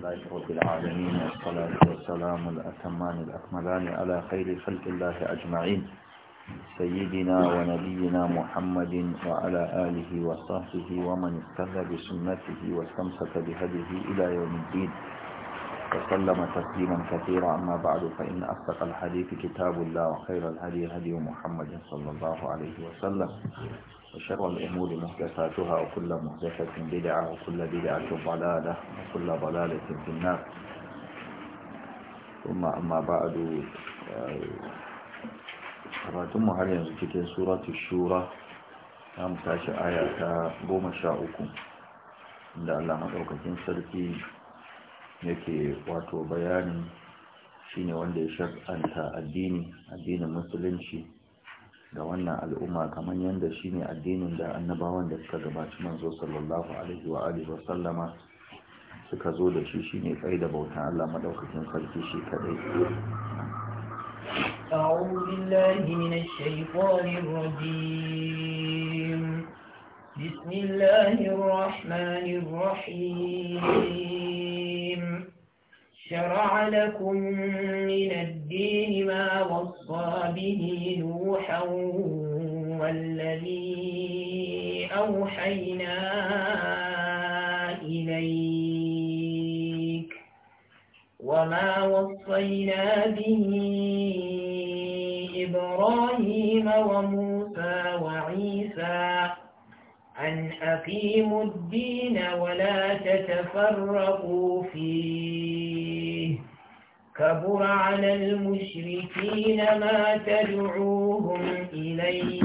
لله رب العالمين والصلاة والسلام الأتمان الأكملان على خير خلق الله أجمعين سيدنا ونبينا محمد وعلى آله وصحبه ومن اقتدى بسنته واستمسك بهديه إلى يوم الدين وسلم تسليما كثيرا أما بعد فإن أصدق الحديث كتاب الله وخير الهدي هدي محمد صلى الله عليه وسلم وشر الأمور محدثاتها وكل محدثة بدعة وكل بدعة ضلالة وكل ضلالة في النار ثم أما بعد قرأتم هل ينزل سورة الشورى أم تاشي آية قوم شاءكم da Allah maɗaukakin sarki yake wato bayanin ne wanda ya sha'anta addini addinin musulunci da wannan al'umma kamar yadda shi ne addinin da annabawan da suka gabaci manzo sallallahu alaihi wa alihi wa sallama suka zo da shi shine tsaye da bautan Allah madaukakin sarki shi kadai بسم الله الرحمن الرحيم شرع لكم من الدين ما وصى به نوحا والذي أوحينا إليك وما وصينا به إبراهيم وموسى وعيسى أن أقيموا الدين ولا تتفرقوا فيه كبر على المشركين ما تدعوهم إليه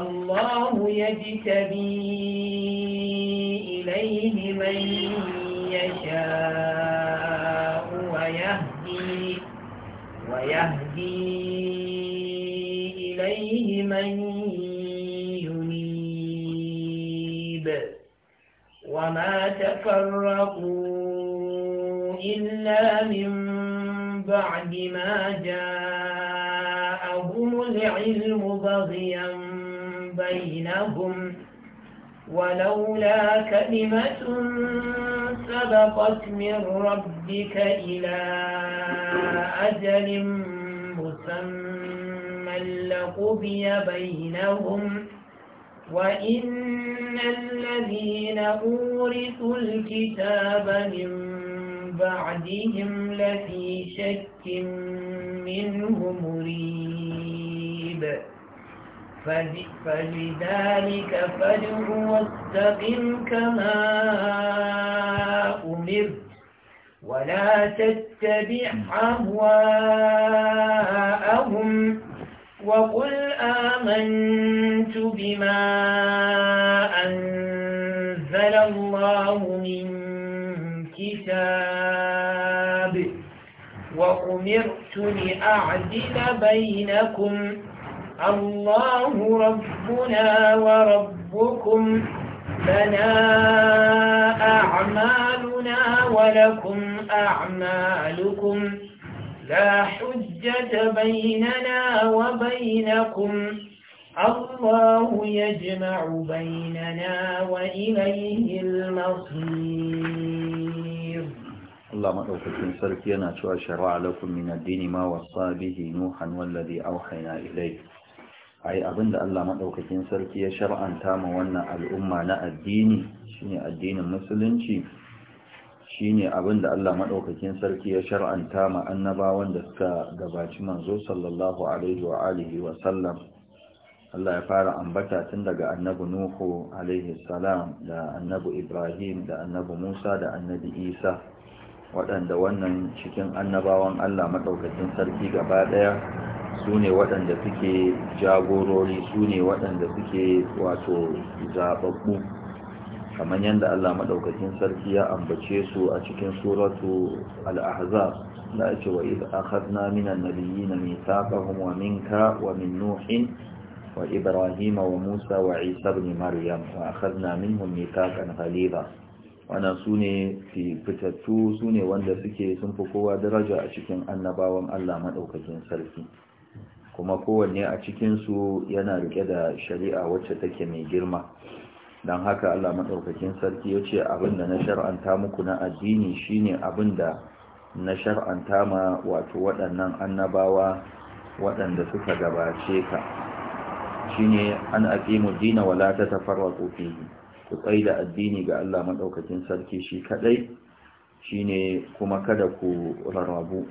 الله يجتبي إليه من يشاء ويهدي ويهدي وما تفرقوا إلا من بعد ما جاءهم العلم بغيا بينهم ولولا كلمة سبقت من ربك إلى أجل مسمى لقضي بينهم وإن الذين أورثوا الكتاب من بعدهم لفي شك منه مريب فلذلك فادع واستقم كما أمرت ولا تتبع أهواءهم وقل آمنت بما أنزل الله من كتاب وأمرت لأعدل بينكم الله ربنا وربكم لنا أعمالنا ولكم أعمالكم لا حجة بيننا وبينكم الله يجمع بيننا وإليه المصير الله مدوكتين سركينا شوى أشرع لكم من الدين ما وصى به نوحا والذي أوحينا إليه أي أبن الله مدوكتين سركي شرعا تام وانا الأمة نا الدين شنو الدين المسلم shine abin da Allah maɗaukakin sarki ya shar'anta ma annabawan da suka gabaci manzo sallallahu alaihi wa alihi wa sallam Allah ya fara ambata tun daga annabu Nuhu alaihi salam da annabu Ibrahim da annabu Musa da annabi Isa waɗanda wannan cikin annabawan Allah maɗaukacin sarki gaba ɗaya su ne waɗanda suke jagorori su ne waɗanda suke wato zaɓaɓɓu kamar yadda Allah maɗaukakin sarki ya ambace su a cikin suratu al-ahzab da ake wa idh akhadna minan nabiyyin mithaqahum wa minka wa min nuhin wa ibrahim wa musa wa isa ibn maryam wa akhadna minhum mithaqan ghaliza wana sune fitattu sune wanda suke sun fi kowa daraja a cikin annabawan Allah maɗaukakin sarki kuma kowanne a cikin su yana rike da shari'a wacce take mai girma don haka Allah maɗaukakin sarki ya ce abinda na shar'anta muku na addini shine abinda na shar'anta ma wato waɗannan annabawa waɗanda suka gabace ka shine an aqimu dina wala tatafarraqu fihi ku da addini ga Allah maɗaukakin sarki shi kadai shine kuma kada ku rarrabu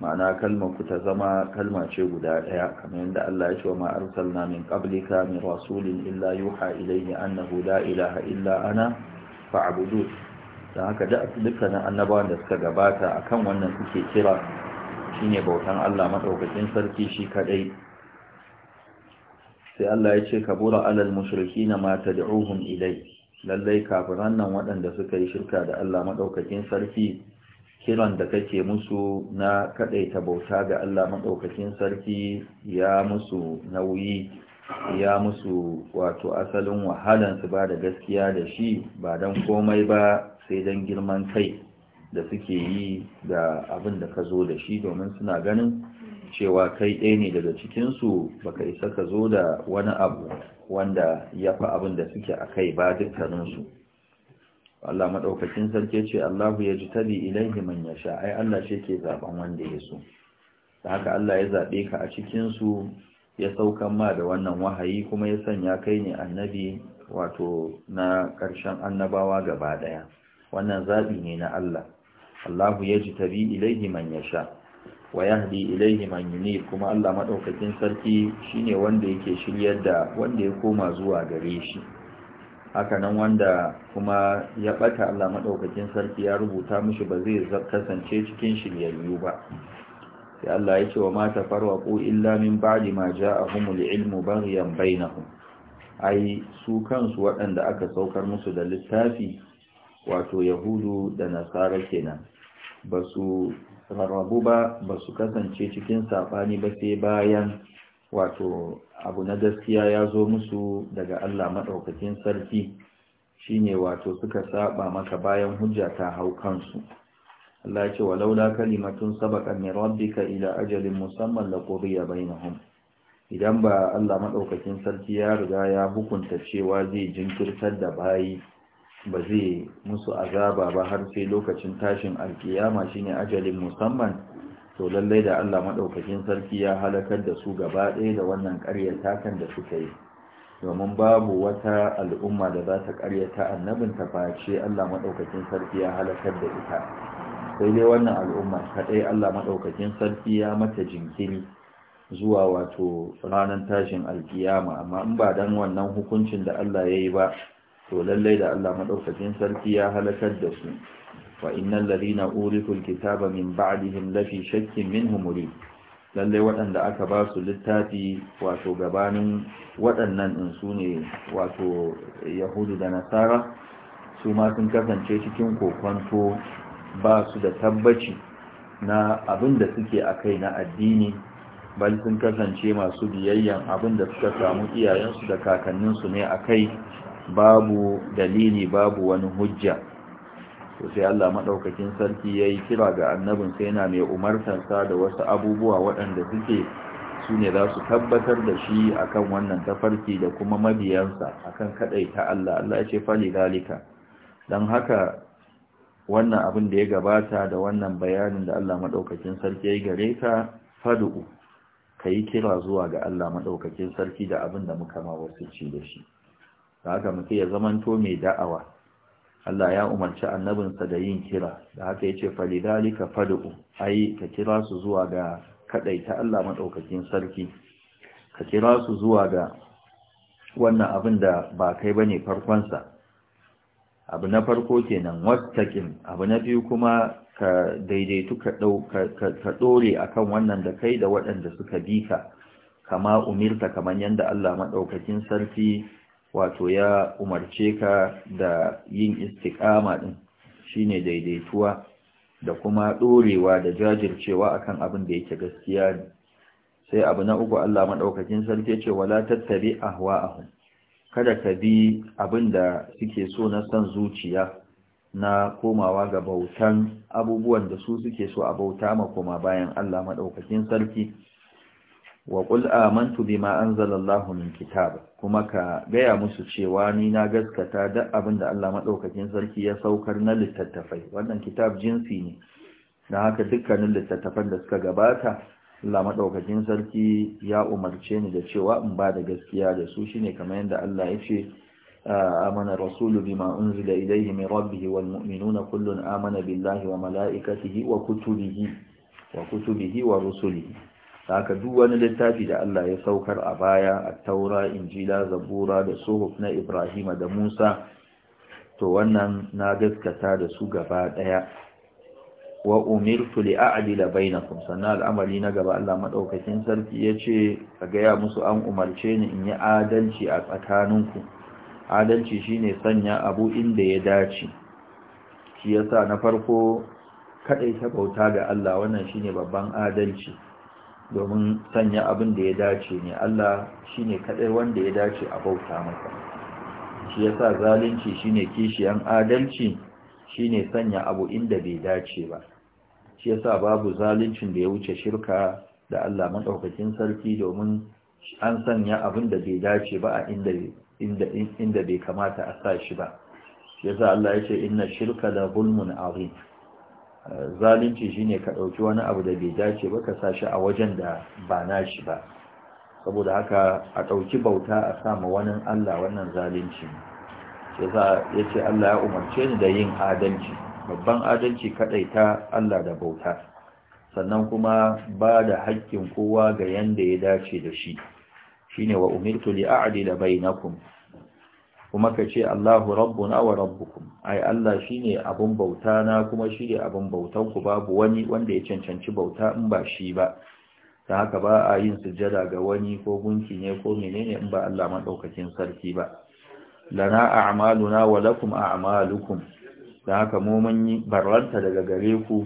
ma'ana kalmar ku ta zama kalma ce guda ɗaya kamar yadda Allah ya ce wa ma arsalna min qablika min rasulin illa yuha ilayhi annahu la ilaha illa ana fa'budu dan haka da dukkanin annabawan da suka gabata akan wannan suke kira shine bautan Allah madaukakin sarki shi kadai sai Allah ya ce kabura alal mushrikina ma tad'uhum ilai lallai kafiran nan waɗanda suka yi shirka da Allah madaukakin sarki kiran da kake musu na ta bauta ga Allah maɗaukakin sarki ya musu nauyi ya musu wato asalin wahalan su ba da gaskiya da shi ba don komai ba sai don girman kai da suke yi da abin da ka zo da shi domin suna ganin cewa kai ɗaya ne daga cikinsu baka isa ka zo da wani abu wanda ya fi abin da suke a kai ba dukkaninsu Allah madaukakin sarki ce Allahu ya ji tabi ilaihi man yasha ai Allah shi ke zaben wanda ya so da haka Allah ya zaɓe ka a cikin su ya saukan ma da wannan wahayi kuma ya sanya kai ne annabi wato na ƙarshen annabawa gaba daya wannan zaɓi ne na Allah Allahu ya ji tabi ilaihi man yasha wa yahdi ilaihi man yuni kuma Allah madaukakin sarki shine wanda yake shiryar da wanda ya koma zuwa gare shi hakanan wanda kuma ya ɓata Allah madaukakin sarki ya rubuta mishi ba zai kasance cikin shiryayyu ba sai Allah ya ce wa 'Farwa, ko illa min ba'di ma humul ilmu baghyan bainahum ai su kansu waɗanda aka saukar musu da littafi wato yahudu da nasara kenan ba su rarrabu ba ba su kasance cikin saɓani ba sai bayan wato abu na gaskiya ya zo musu daga Allah maɗaukakin sarki shine wato suka saba maka bayan hujja ta hau kansu Allah ya ce wa laula kalimatun sabaka min rabbika ila ajalin musamman la qudiya bainahum idan ba Allah maɗaukakin sarki ya riga ya hukunta cewa zai jinkirtar da bayi ba zai musu azaba ba har sai lokacin tashin alkiyama shine ajalin musamman to lallai da Allah maɗaukakin sarki ya halakar da su gaba ɗaya da wannan ƙaryata kan da suka yi domin babu wata al'umma da za ta ƙaryata annabin ta face Allah maɗaukakin sarki ya halakar da ita sai dai wannan al'umma kaɗai Allah maɗaukakin sarki ya mata jinkiri zuwa wato ranar tashin alkiyama amma in ba dan wannan hukuncin da Allah ya yi ba to lallai da Allah maɗaukakin sarki ya halakar da su وإن الذين أورثوا الكتاب من بعدهم لفي شك منه مريب lallai waɗanda aka ba su littafi wato gabanin waɗannan in su ne wato yahudu da nasara su ma sun kasance cikin kokwanto ba su da tabbaci na abin da suke a kai na addini bal sun kasance masu biyayyan abin da suka samu iyayensu da kakanninsu ne a kai babu dalili babu wani hujja to sai Allah madaukakin sarki yayi kira ga annabin sai yana mai umartar sa da wasu abubuwa waɗanda suke su ne za su tabbatar da shi akan wannan tafarki da kuma mabiyansa akan ta Allah Allah ya ce fali dalika dan haka wannan abin da ya gabata da wannan bayanin da Allah madaukakin sarki yayi gare ka fadu kai kira zuwa ga Allah madaukakin sarki da abin da muka ma wasu ci da shi haka mutum ya zamanto mai da'awa Allah ya umarci annabinsa da yin kira da haka ya yace falidalika fad'u ai ka kira su zuwa ga kadaita Allah madaukakin sarki ka kira su zuwa ga wannan abin da ba kai bane farkon sa abu na farko kenan wattakin abu na biyu kuma ka daidaitu ka ɗore ka dore akan wannan da kai da waɗanda suka bi ka kama umirta kaman yanda Allah maɗaukakin sarki wato ya umarce ka da yin ɗin, shi ne daidaituwa da kuma ɗorewa da jajircewa akan abin da yake gaskiya ne sai abu na uku Allah Maɗaukakin sarki ce wala tattabi ahwa'ahum kada ka bi abin da suke so na son zuciya na komawa ga bautan abubuwan da su suke so a bauta ma koma bayan Allah Maɗaukakin sarki wa qul amantu bima anzalallahu min kitab kuma ka gaya musu cewa ni na gaskata da abin da Allah madaukakin sarki ya saukar na littattafai wannan kitab jinsi ne Na haka dukkanin littattafan da suka gabata Allah madaukakin sarki ya umarce ni da cewa in ba da gaskiya da su shine kamar yadda Allah ya ce آمن الرسول wal أنزل إليه من ربه والمؤمنون كل آمن بالله wa kutubihi wa ورسله haka duk wani littafi da Allah ya saukar a baya a taura injila zabura da suhuf na ibrahima da musa to wannan na gaskata da su gaba daya wa umirtu li a'dila bainakum sannan al'amari na gaba Allah madaukakin sarki yace ka gaya musu an umarce ni in yi adalci a tsakaninku adalci shine sanya abu inda ya dace shi yasa na farko kada ta bauta ga Allah wannan shine babban adalci domin sanya abin da ya dace ne Allah shi ne kaɗai wanda ya dace a bauta masa shi ya sa zalunci shi ne kishiyan adalci shi ne sanya abu inda bai dace ba shi ya sa babu zaluncin da ya wuce shirka da Allah maɗaukakin sarki domin an sanya abin da bai dace ba a inda bai kamata a sa shi ba shi ya sa Allah ya ce inna shirka da bulmun azim zalunci shine ka ɗauki wani abu da bai dace ba ka sa shi a wajen da ba shi ba saboda haka a ɗauki bauta a sama wani Allah wannan zalunci sai za ya Allah ya umarce ni da yin adalci babban adalci ta Allah da bauta sannan kuma ba da haƙƙin kowa ga yanda ya dace da shi shine wa umirtu li a'dila bainakum kuma ka ce Allahu Rabbu na, wa rabbukum ai Allah shine abun bauta na kuma shine abun bautan ku babu wani wanda ya cancanci bauta in ba shi ba ta haka ba a yin sujjada ga wani ko gunki ne ko menene in ba Allah madaukakin sarki ba lana a'maluna wa lakum a'malukum ta haka mu mun yi. barranta daga gare ku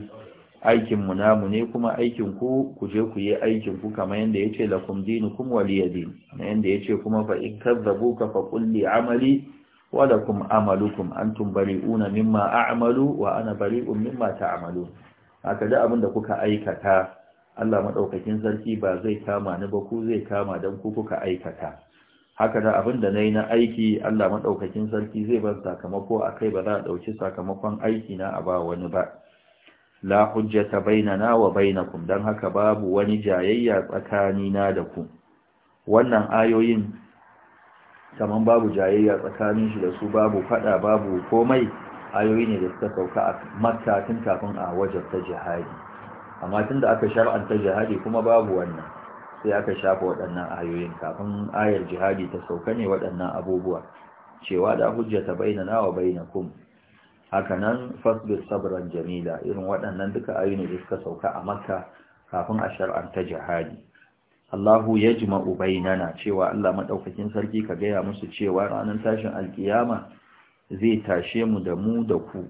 aikin mu namu ne kuma aikin ku ku je ku yi aikin ku kamar yanda yace lakum dinukum waliyadin yanda yace kuma fa in kadzabuka fa qul li amali wa lakum amalukum antum bari'una mimma a'malu wa ana bari'un mimma ta'malun haka da abinda kuka aikata Allah madaukakin sarki ba zai kama ni ba ku zai kama dan ku kuka aikata haka da abinda nayi na aiki Allah madaukakin sarki zai bar sakamako akai ba za a dauki sakamakon aiki na a ba wani ba la hujjata bainana wa bainakum dan haka babu wani jayayya tsakanina da ku wannan ayoyin kaman babu jayayya tsakanin shi da su babu fada babu komai ayoyi ne da suka sauka a makka tun kafin a wajen ta jihadi amma tun da aka shar'anta jihadi kuma babu wannan sai aka shafa waɗannan ayoyin kafin ayar jihadi ta sauka ne waɗannan abubuwa cewa da hujjata bainana wa bainakum hakanan fasbir sabran jamila irin waɗannan duka ayyuna da suka sauka a makka kafin a shar'anta jihadi Allahu ya jima'u na. cewa Allah maɗaukakin sarki ka gaya musu cewa ranar tashin alkiyama zai tashe mu da mu da ku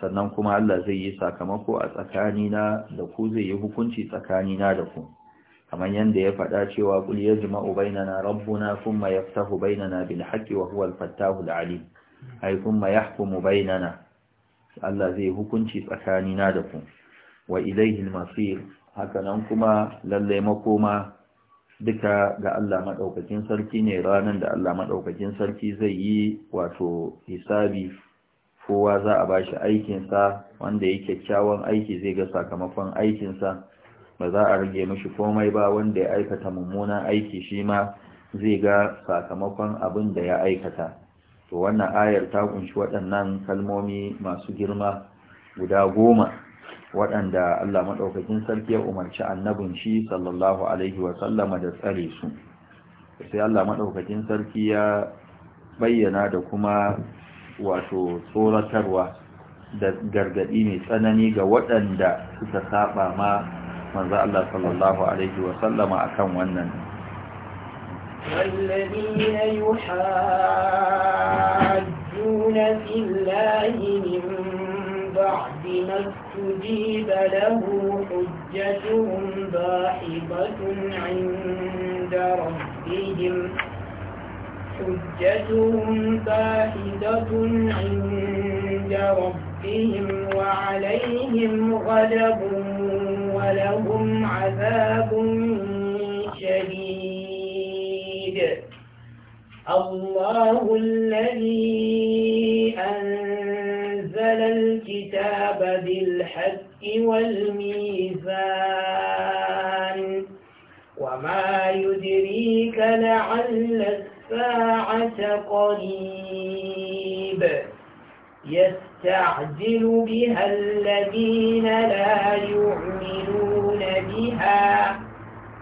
sannan kuma Allah zai yi sakamako a tsakanina da ku zai yi hukunci tsakanina da ku kamar yadda ya faɗa cewa kul ya jima'u bainana rabbuna kuma yaftahu bainana bil haqqi wa huwa al da alim ai kuma yahkumu bainana Allah zai hukunci tsakanina da ku wa ilaihi al-masir hakanan kuma lalle makoma duka ga Allah maɗaukakin sarki ne ranar da Allah maɗaukakin sarki zai yi wato hisabi kowa za a bashi aikinsa wanda ya kyakkyawan aiki zai ga sakamakon aikinsa ba za a rage mashi komai ba wanda ya aikata mummunan aiki shi ma zai ga sakamakon abin da ya aikata to wannan ayar ta kunshi waɗannan kalmomi masu girma guda goma waɗanda Allah maɗaukakin sarki ya umarci annabin shi sallallahu alaihi sallama da tsare su sai Allah maɗaukakin sarki ya bayyana da kuma wato tsoratarwa da gargaɗi mai tsanani ga waɗanda suka saba ma manzo Allah sallallahu alaihi sallama akan wannan والذين يحاجون في الله من بعد ما استجيب له حجتهم باحظة عند ربهم حجتهم باحظة عند ربهم وعليهم غضب ولهم عذاب الله الذي أنزل الكتاب بالحق والميزان وما يدريك لعل الساعة قريب يستعجل بها الذين لا يؤمنون بها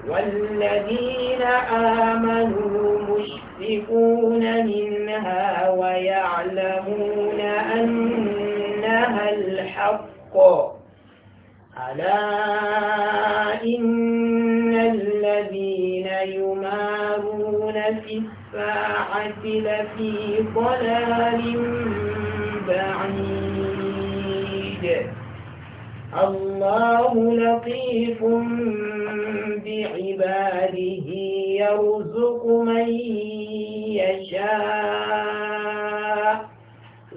والذين آمنوا مشفقون منها ويعلمون أنها الحق ألا إن الذين يمارون في الساعة لفي ضلال الله لطيف بعباده يرزق من يشاء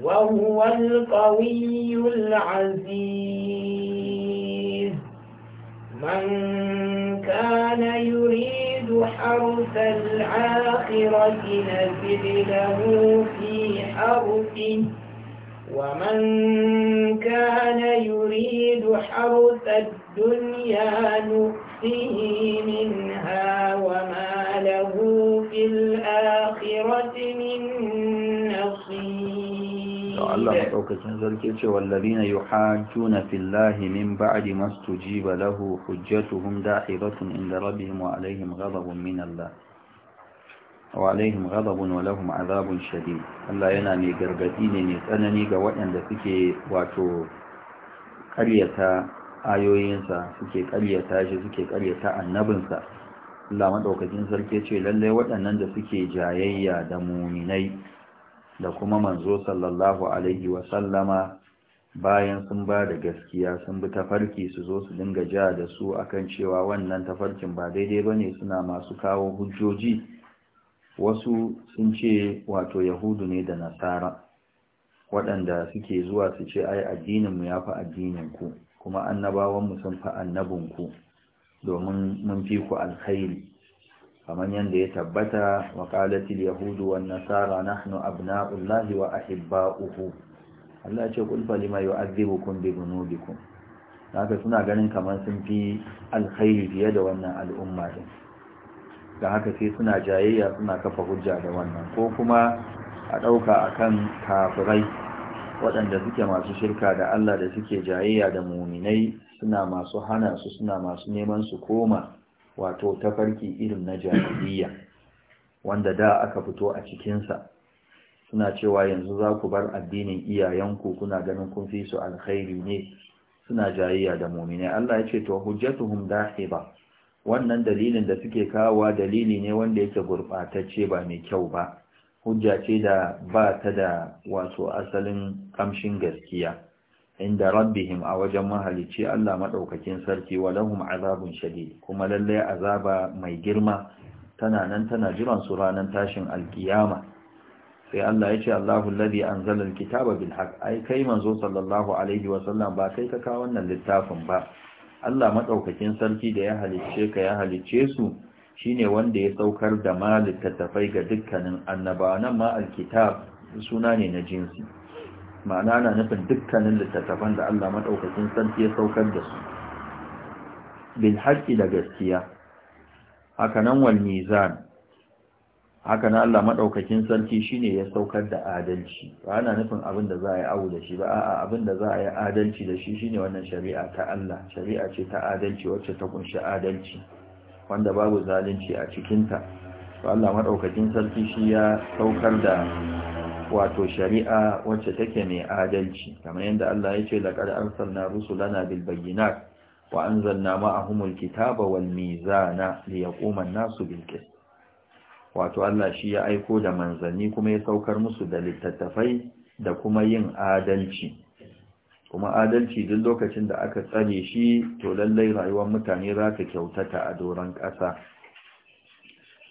وهو القوي العزيز من كان يريد حرث الآخرة نزل له في حرثه ومن كان يريد حرث الدنيا نؤته منها وما له في الآخرة من نصيب الله ذلك والذين يحاجون في الله من بعد ما استجيب له حجتهم داحضة عند ربهم وعليهم غضب من الله wa alaihim ghadabun wa lahum azabun shadid Allah yana mai gargadi ne mai tsanani ga waɗanda suke wato ƙaryata ayoyinsa suke ƙaryata shi suke ƙaryata annabinsa Allah madaukakin sarki ce lalle waɗannan da suke jayayya da muminai da kuma manzo sallallahu alaihi wa sallama bayan sun ba da gaskiya sun bi tafarki su zo su dinga ja da su akan cewa wannan tafarkin ba daidai bane suna masu kawo hujjoji wasu sun ce wato yahudu ne da nasara waɗanda suke zuwa su ce ai addininmu ya fi addininku kuma annabawanmu sun fi annabinku domin mun fi ku alkhairi kamar yadda ya tabbata wa qalatil yahudu wan nasara nahnu abna'ullahi wa ahibba'uhu Allah ya ce kul fa lima yu'adhibukum bi dhunubikum haka suna ganin kamar sun fi alkhairi fiye da wannan al'umma din da haka sai suna jayayya suna kafa hujja da wannan ko kuma a ɗauka a kan kafirai waɗanda suke masu shirka da Allah da suke jayayya da muminai suna masu hana su suna masu neman su koma wato tafarki irin na jahiliya wanda da aka fito a cikinsa suna cewa yanzu za ku bar addinin iyayenku kuna ganin kun fi su alkhairi ne suna jayayya da muminai Allah ya ce to hujjatuhum dahiba wannan dalilin da suke kawowa dalili ne wanda yake gurɓatacce ba mai kyau ba hujja ce da ba ta da wasu asalin kamshin gaskiya inda rabbihim a wajen mahalicci Allah maɗaukakin sarki wa lahum azabun kuma lallai azaba mai girma tana nan tana jiran su ranar tashin alkiyama sai Allah ya ce Allahu alladhi anzala alkitaba bil haqq ai kai manzo sallallahu alaihi wa sallam ba kai ka kawo wannan littafin ba Allah maɗaukakin sarki da ya halicce ka ya halicce su shine wanda ya saukar da ma littattafai ga dukkanin annabawan ma alkitab suna ne na jinsi ma'ana na nufin dukkanin littattafan da Allah maɗaukakin sarki ya saukar da su bil haƙƙi da gaskiya hakanan nan wal mizan haka na Allah maɗaukakin sarki shine ya saukar da adalci ba ana nufin abin da za a yi awu da shi ba a abin da za a yi adalci da shi shine wannan shari'a ta Allah shari'a ce ta adalci wacce ta kunshi adalci wanda babu zalunci a cikinta to Allah madaukakin sarki shi ya saukar da wato shari'a wacce take mai adalci kamar yadda Allah ya ce laqad arsalna rusulana bil bayyinat wa anzalna ma'ahumul kitaba wal mizana liyaquma an-nasu bil qist wato Allah shi ya aiko da manzanni kuma ya saukar musu da littattafai da kuma yin adalci kuma adalci duk lokacin da aka tsare shi to lallai rayuwar mutane za ta kyautata a doron ƙasa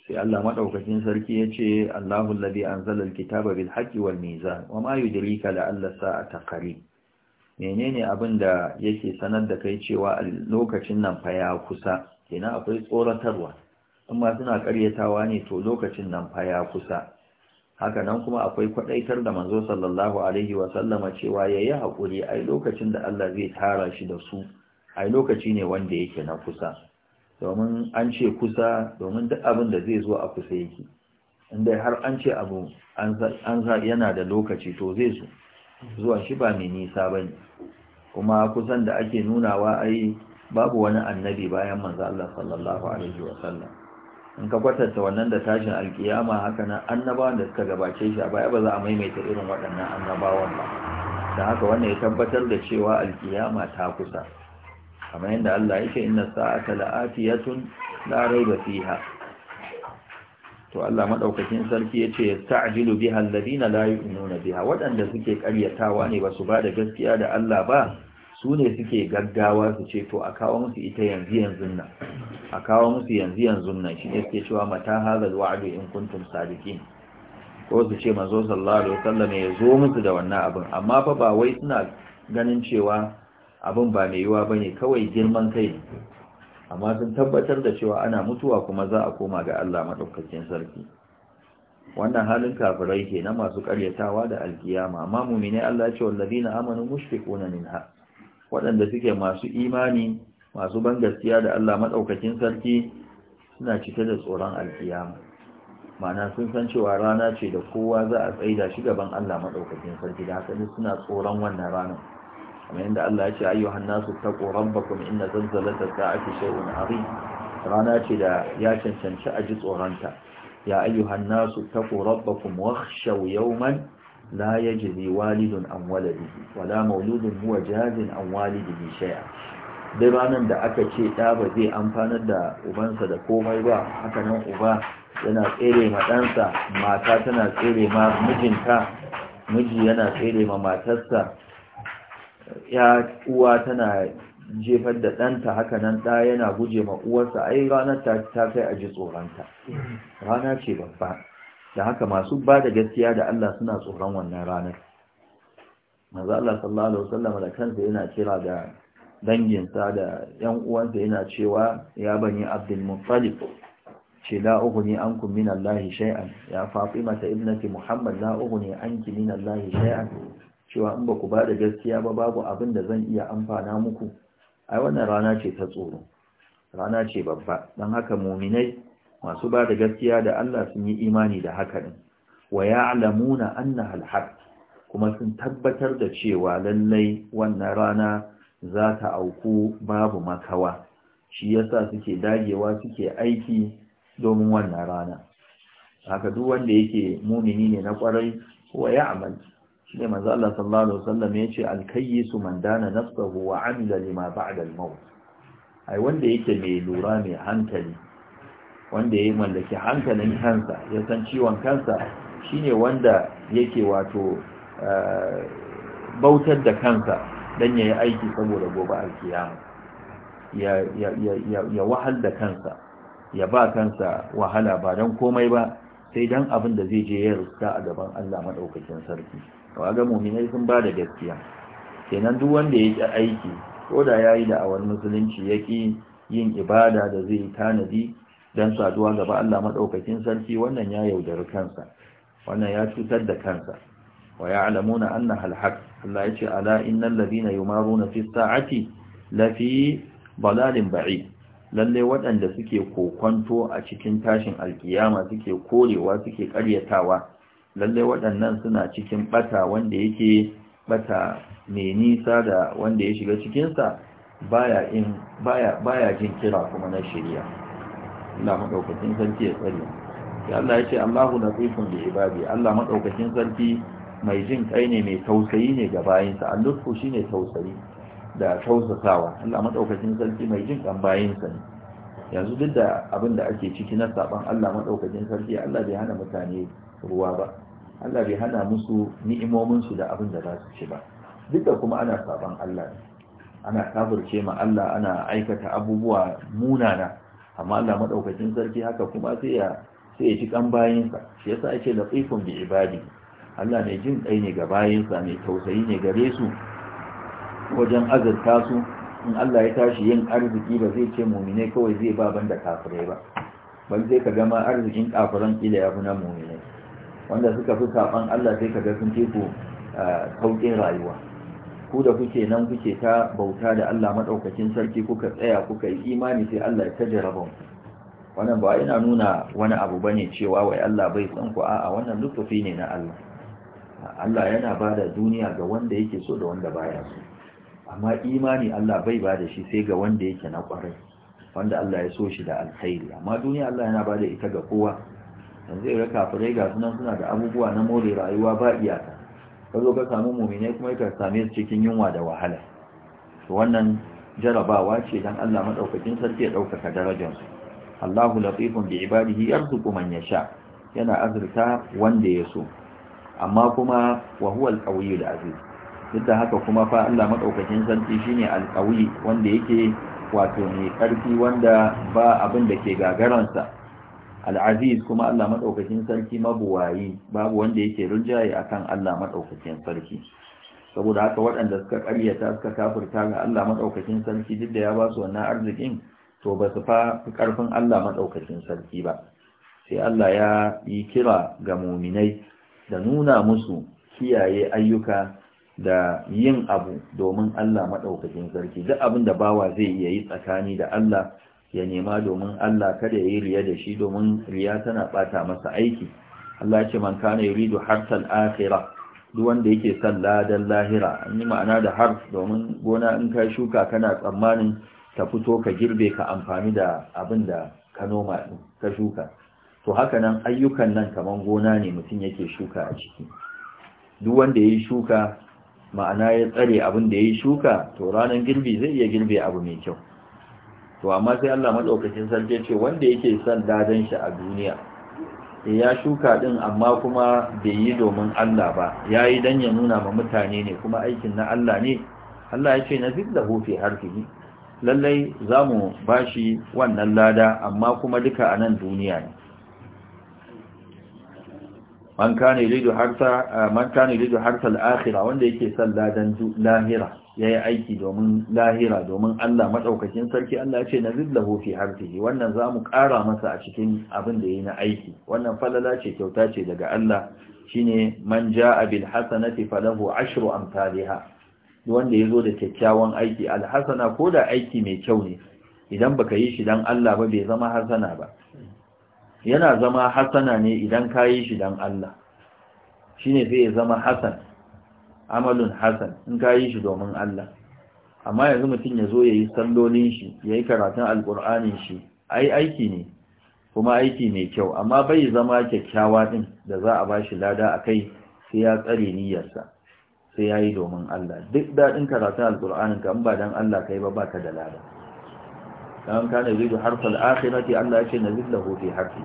sai Allah madaukakin sarki ya ce, Allahu ladi anzala alkitaba bil haqqi wal mizan wama yudrika la'alla sa'ata qarib menene abin da yake sanar da kai cewa a lokacin nan fa ya kusa kenan akwai tsoratarwa amma suna karyatawa ne to lokacin nan fa ya kusa haka nan kuma akwai kwadaitar da manzo sallallahu alaihi wa sallama cewa yayi hakuri ai lokacin da Allah zai tara shi da su ai lokaci ne wanda yake na kusa domin an ce kusa domin duk abin da zai zo a kusa yake inda har an ce abu an yana da lokaci to zai zo zuwa shi ba mai nisa bane kuma kusan da ake nunawa ai babu wani annabi bayan manzo Allah sallallahu alaihi wa sallam in ka kwatanta wannan da tashin alkiyama haka nan annabawan da suka gabace shi a baya ba za a maimaita irin waɗannan annabawan ba da haka wannan ya tabbatar da cewa alkiyama ta kusa kamar yadda Allah yake inna sa'ata la'atiyatun la raiba fiha to Allah madaukakin sarki yace yasta'jilu biha alladhina la yu'minuna biha waɗanda suke ƙaryatawa ne ba su ba da gaskiya da Allah ba su ne suke gaggawa su ce to a kawo musu ita yanzu yanzu nan a kawo musu yanzu yanzu nan shi ne suke cewa mata hazal wa'adu in kuntum sadiqin ko su ce manzo sallallahu alaihi wasallam ya zo musu da wannan abin amma fa ba wai suna ganin cewa abin ba mai yiwa bane kawai girman kai amma sun tabbatar da cewa ana mutuwa kuma za a koma ga Allah madaukakin sarki wannan halin kafirai ke na masu karyatawa da alkiyama amma mu'mini Allah ya ce wallazina amanu mushfiquna minha waɗanda suke masu imani masu ban gaskiya da Allah maɗaukakin sarki suna cike da tsoron alkiyama ma'ana sun san cewa rana ce da kowa za a tsaida shi gaban Allah maɗaukakin sarki da haka suna tsoron wannan ranar kamar yadda Allah ya ce ayyuhan nasu taqu rabbakum inna zalzalata sa'ati shay'un 'azim rana ce da ya cancanci a ji tsoronta ya ayyuhan nasu taqu rabbakum wakhshaw yawman لا يجزي والد عن ولده ولا mauludun هو جاز عن والده shay'a dai ranar da aka ce ɗa ba zai amfanar da ubansa da komai ba haka nan uba yana tsere ma ɗansa mata tana tsere ma mijinta miji yana tsere ma matarsa ya uwa tana jefar da ɗanta haka nan ɗa yana guje ma uwarsa ai ranar ta kai a ji tsoronta rana ce babba da haka masu ba da gaskiya da Allah suna tsoron wannan ranar maza Allah sallallahu alaihi wasallam da kansa yana kira da danginsa da yan uwansa yana cewa ya bani Abdul Muttalib ce ne an kun min Allah shay'an ya Fatima mata ibnati Muhammad ne an anki min Allah shay'an cewa in baku ba da gaskiya ba babu abin da zan iya amfana muku ai wannan rana ce ta tsoro rana ce babba don haka muminai masu ba da gaskiya da Allah sun yi imani da haka ne wa alamuna annaha al kuma sun tabbatar da cewa lallai wannan rana za ta auku babu makawa shi yasa suke dagewa suke aiki domin wannan rana haka duk wanda yake mumini ne na kwarai wa shi ne manzo Allah sallallahu alaihi wasallam yace ce su man dana nafsuhu wa amila lima ba'da al-maut ai wanda yake mai lura mai hankali wanda ya mallaki hankalin kansa ya san ciwon kansa shine wanda yake wato eh, bautar da kansa dan yi aiki saboda gobe alkiyama ya ya wahal da kansa ya ba kansa wahala ba dan komai ba sai dan abin da zai je ya ruska a gaban Allah maɗaukacin sarki ga mu'minai sun ba da gaskiya kenan duk wanda yake aiki ko da yayi da awan musulunci yake yin ibada da zai tanadi don saduwa gaba Allah maɗaukakin sarki wannan ya yaudari kansa wannan ya cutar da kansa wa ya alamuna anna halhaq Allah ya ce ala innal ladina yumaruna fi sa'ati lafi balalin ba'id lalle waɗanda suke kokonto a cikin tashin alkiyama suke korewa suke ƙaryatawa lalle waɗannan suna cikin bata wanda yake bata mai nisa da wanda ya shiga cikinsa baya in jin kira kuma na shirya. Allah madaukakin sarki ya tsare Allah ya ce Allahu latifun bi ibadi Allah madaukakin sarki mai jin kai ne mai tausayi ne ga bayinsa al shi shine tausayi da tausasawa Allah madaukakin sarki mai jin kan bayinsa ne yanzu duk da abin da ake ciki na saban Allah madaukakin sarki Allah bai hana mutane ruwa ba Allah bai hana musu ni'imomin su da abin da za su ci ba duk da kuma ana saban Allah ana kafirce ma Allah ana aikata abubuwa munana amma Allah hmm. madaukakin sarki haka kuma sai ya sai ya ji kan bayinsa shi yasa ake latifun bi ibadi Allah mai jin kai ne ga bayinsa mai tausayi ne gare su wajen azurta su in Allah ya tashi yin arziki ba zai ce mumine kawai zai ba banda kafirai ba bal zai ka gama arzikin kafiran kila ya fi na mumine wanda suka fi saban Allah sai ka ga sun ce ku ah, sauƙin rayuwa ku da kuke nan kuke ta bauta da Allah maɗaukacin sarki kuka tsaya kuka yi imani sai Allah ya tajira ban wannan ba yana nuna wani abu bane cewa wai Allah bai san ku a'a wannan lutufi ne na Allah Allah yana ba da duniya ga wanda yake so da wanda baya so amma imani Allah bai ba da shi sai ga wanda yake na kwarai wanda Allah ya so shi da alkhairi amma duniya Allah yana bada ita ga kowa yanzu ya kafirai ga sunan suna da abubuwa na more rayuwa ba iyaka ka zo ka samu muminai kuma ka same su cikin yunwa da wahala to wannan jarabawa ce dan Allah madaukakin sarki ya daukaka darajar Allahu latifun bi ibadihi yarzuqu man yasha yana azurta wanda ya so amma kuma wa huwa al-qawiyyu al-aziz duk da haka kuma fa Allah madaukakin sarki shine al-qawi wanda yake wato ne karfi wanda ba abin da ke gagaransa al'aziz kuma Allah maɗaukakin sarki mabuwayi babu wanda yake rinjaye akan Allah maɗaukakin sarki saboda haka waɗanda suka ƙaryata suka kafirta ga Allah maɗaukakin sarki duk da ya ba su wannan arzikin to ba su fa ƙarfin Allah maɗaukakin sarki ba sai Allah ya yi kira ga muminai da nuna musu kiyaye ayyuka da yin abu domin Allah maɗaukakin sarki duk abin da bawa zai iya yi tsakani da Allah ya nema domin Allah kada ya yi riya da shi domin riya tana bata masa aiki Allah ya ce man kana yuridu harsal akhirah duk wanda yake son ladan lahira an ma'ana da hars, domin gona in ka shuka kana tsammanin ta fito ka girbe ka amfani da abinda da ka noma ka shuka to haka nan ayyukan nan kaman gona ne mutum yake shuka a ciki duk wanda ya shuka ma'ana ya tsare abin da ya shuka to ranar girbi zai iya girbe abu mai kyau to amma sai Allah madaukakin sarki yace ce wanda yake son dadan shi a duniya eh, ya shuka din amma kuma bai yi domin Allah ba yayi dan ya nuna ma mutane ne kuma aikin na Allah ne Allah ya ce na zillahu fi harfihi lallai zamu bashi wannan lada amma kuma duka a nan duniya ne man kana yuridu harsa eh, man kana yuridu harsa al-akhirah wanda yake son ladan lahira ya yi aiki domin lahira domin Allah maɗaukakin sarki Allah ce na zillahu fi harfihi wannan za mu ƙara masa a cikin abin da ya na aiki wannan falala ce kyauta ce daga Allah shine man ja'a bil hasanati falahu ashru amsalha wanda zo da kyakkyawan aiki al ko da aiki mai kyau ne idan baka yi shi dan Allah ba bai zama hasana ba yana zama hasana ne idan ka yi shi dan Allah shine zai zama hasana amalun hasan in ka yi shi domin Allah amma yanzu mutum ya zo ya yi sallolin shi ya yi karatun alƙur'anin shi ai aiki ne kuma aiki mai kyau amma bai zama kyakkyawa ɗin da za a ba shi lada a kai sai ya tsare niyyarsa sai ya yi domin Allah duk daɗin karatun alƙur'anin ka in ba don Allah kai ba baka da lada dan kana zai harfal akhirati Allah ya ce na lahu fi harfi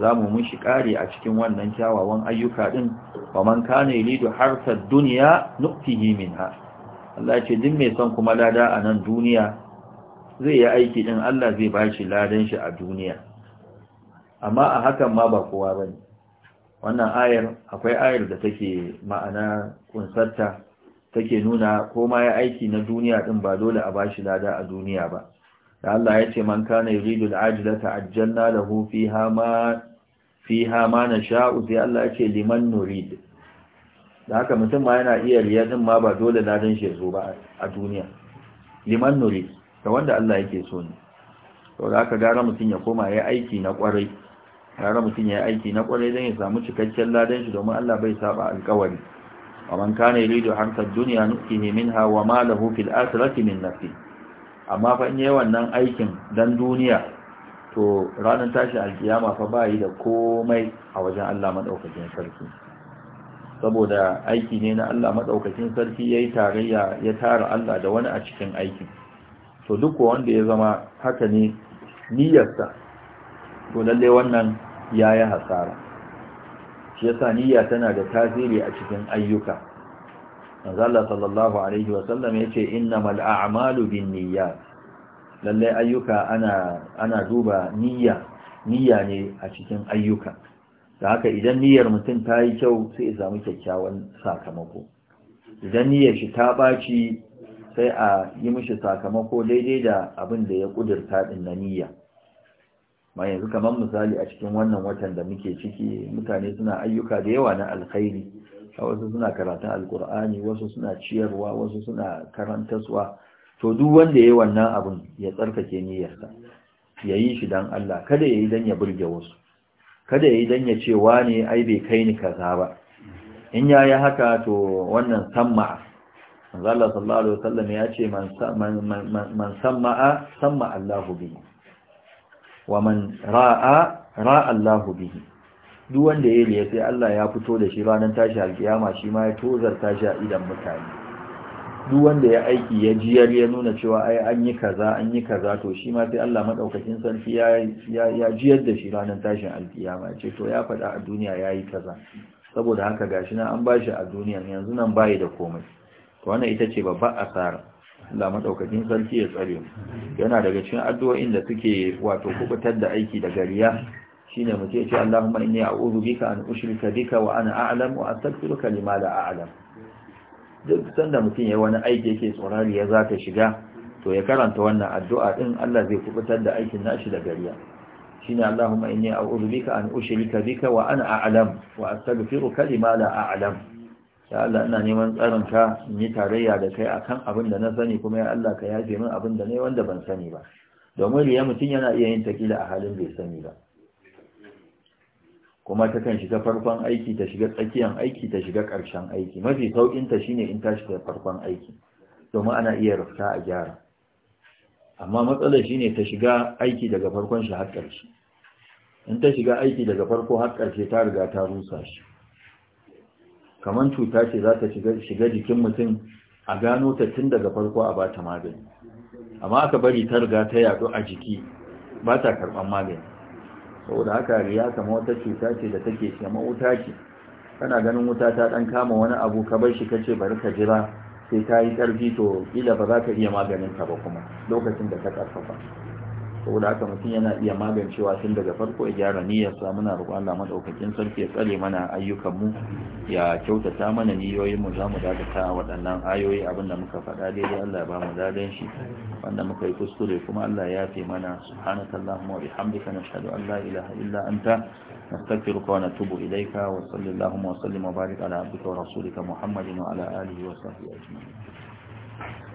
za mu mushi ƙari a cikin wannan kyawawan ayyuka ɗin wa man kana Lido harta duniya nuktihi minha Allah ce duk mai son kuma lada a nan duniya zai yi aiki ɗin Allah zai ba shi ladan shi a duniya amma a hakan ma ba kowa ba ne wannan ayar akwai ayar da take ma'ana kunsarta take nuna ko ma ya aiki na duniya ɗin ba dole a ba shi lada a duniya ba da Allah ya ce man kana yuridu al-ajla ta'ajjalna lahu fiha ma fiha ma nasha'u sai Allah ya ce liman nurid da haka mutum ma yana iya riya ma ba dole na dan shi zo ba a duniya liman nurid da wanda Allah yake so ne to da haka gara mutum ya koma yayi aiki na kwarai gara mutum yayi aiki na kwarai dan ya samu cikakken ladan shi domin Allah bai saba alƙawari ومن كان يريد حرث الدنيا نؤته منها وما له في الآخرة من نصيب amma fa in yi wannan aikin dan duniya to ranar tashi alkiyama fa ba yi da komai a wajen Allah maɗaukakin sarki saboda aiki ne na Allah maɗaukakin sarki ya yi tarayya ya tara Allah da wani a cikin aikin to duk wanda ya zama haka ne niyyarsa to lalle wannan ya yi hasara shi yasa niyya tana da tasiri a cikin ayyuka Allah sallallahu alaihi wasallam ya ce innamal a'malu bin niyya lallai ayyuka ana ana duba niyya niyya ne a cikin ayyuka da haka idan niyyar mutum ta yi kyau sai ya samu kyakkyawan sakamako idan niyyar shi ta ɓaci sai a yi mishi sakamako daidai da abin da ya ƙudurta ɗin na niyya ma yanzu kamar misali a cikin wannan watan da muke ciki mutane suna ayyuka da yawa na alkhairi a wasu suna karatun alkur'ani wasu suna ciyarwa wasu suna karantaswa to duk wanda ya yi wannan abin ya tsarkake niyyarsa ya yi shi don Allah kada ya yi don ya burge wasu kada ya yi don ya ce ne ai bai kai ni kaza ba in ya yi haka to wannan samma'a Allah sallallahu alaihi wasallam ya ce man samma'a samma Allahu bihi wa man ra'a ra'a Allahu bihi duk wanda ya yi sai Allah ya fito da shi ranar tashi alkiyama shi ma ya tozar tashi a idan mutane duk wanda ya aiki ya jiyar ya nuna cewa ai an yi kaza an yi kaza to shi ma sai Allah madaukakin sarki ya ya jiyar da shi ranar tashin alkiyama ya ce to ya faɗa a duniya yayi kaza saboda haka gashi nan an bashi a duniya yanzu nan bai da komai to wannan ita ce babba asara Allah madaukakin sarki ya tsare mu yana daga cikin addu'o'in da suke wato kubutar da aiki daga riya shine mutum ya ce Allahumma inni a'udhu bika an ushrika bika wa ana a'lam wa astaghfiruka lima la a'lam duk sanda mutum ya wani aiki yake tsorari ya zaka shiga to ya karanta wannan addu'a din Allah zai kubutar da aikin nashi da gariya shine Allahumma inni a'udhu bika an ushrika bika wa ana a'lam wa astaghfiruka lima la a'lam ya Allah ina neman tsarin ka in yi tarayya da kai akan abin da na sani kuma ya Allah ka yafe min abin da ne wanda ban sani ba domin riya mutum yana iya yin takila a halin bai sani ba kuma ta kan shiga farkon aiki ta shiga tsakiyan aiki ta shiga ƙarshen aiki mafi sauƙinta ta shine in ta shiga farkon aiki domin ana iya rufta a gyara amma matsalar shine ta shiga aiki daga farkon shi har ƙarshe in ta shiga aiki daga farko har ƙarshe ta riga ta rusa shi kamar cuta ce za ta shiga jikin mutum a gano ta tun daga farko a ba magani amma aka bari ta riga ta yaɗu a jiki ba ta karɓar magani saboda haka riya kama wata cuta ce da take kama wuta ce kana ganin wuta ta dan kama wani abu ka bar shi kace bari ka jira sai ta yi karfi to kila ba za ka iya maganin ka ba kuma lokacin da ta karfafa saboda haka mutum yana iya magancewa tun daga farko ya gyara niyyarsa muna roƙon Allah madaukakin sarki ya tsare mana ayyukan mu ya kyautata mana niyoyin mu zamu dakata waɗannan ayoyi abin da muka faɗa daidai Allah ya ba mu dadan shi wanda muka yi kuskure kuma Allah ya yafe mana subhanakallahumma wa bihamdika nashhadu an la ilaha illa anta نستغفرك ونتوب إليك وصلى اللهم وسلم وبارك على عبدك ورسولك محمد وعلى آله وصحبه أجمعين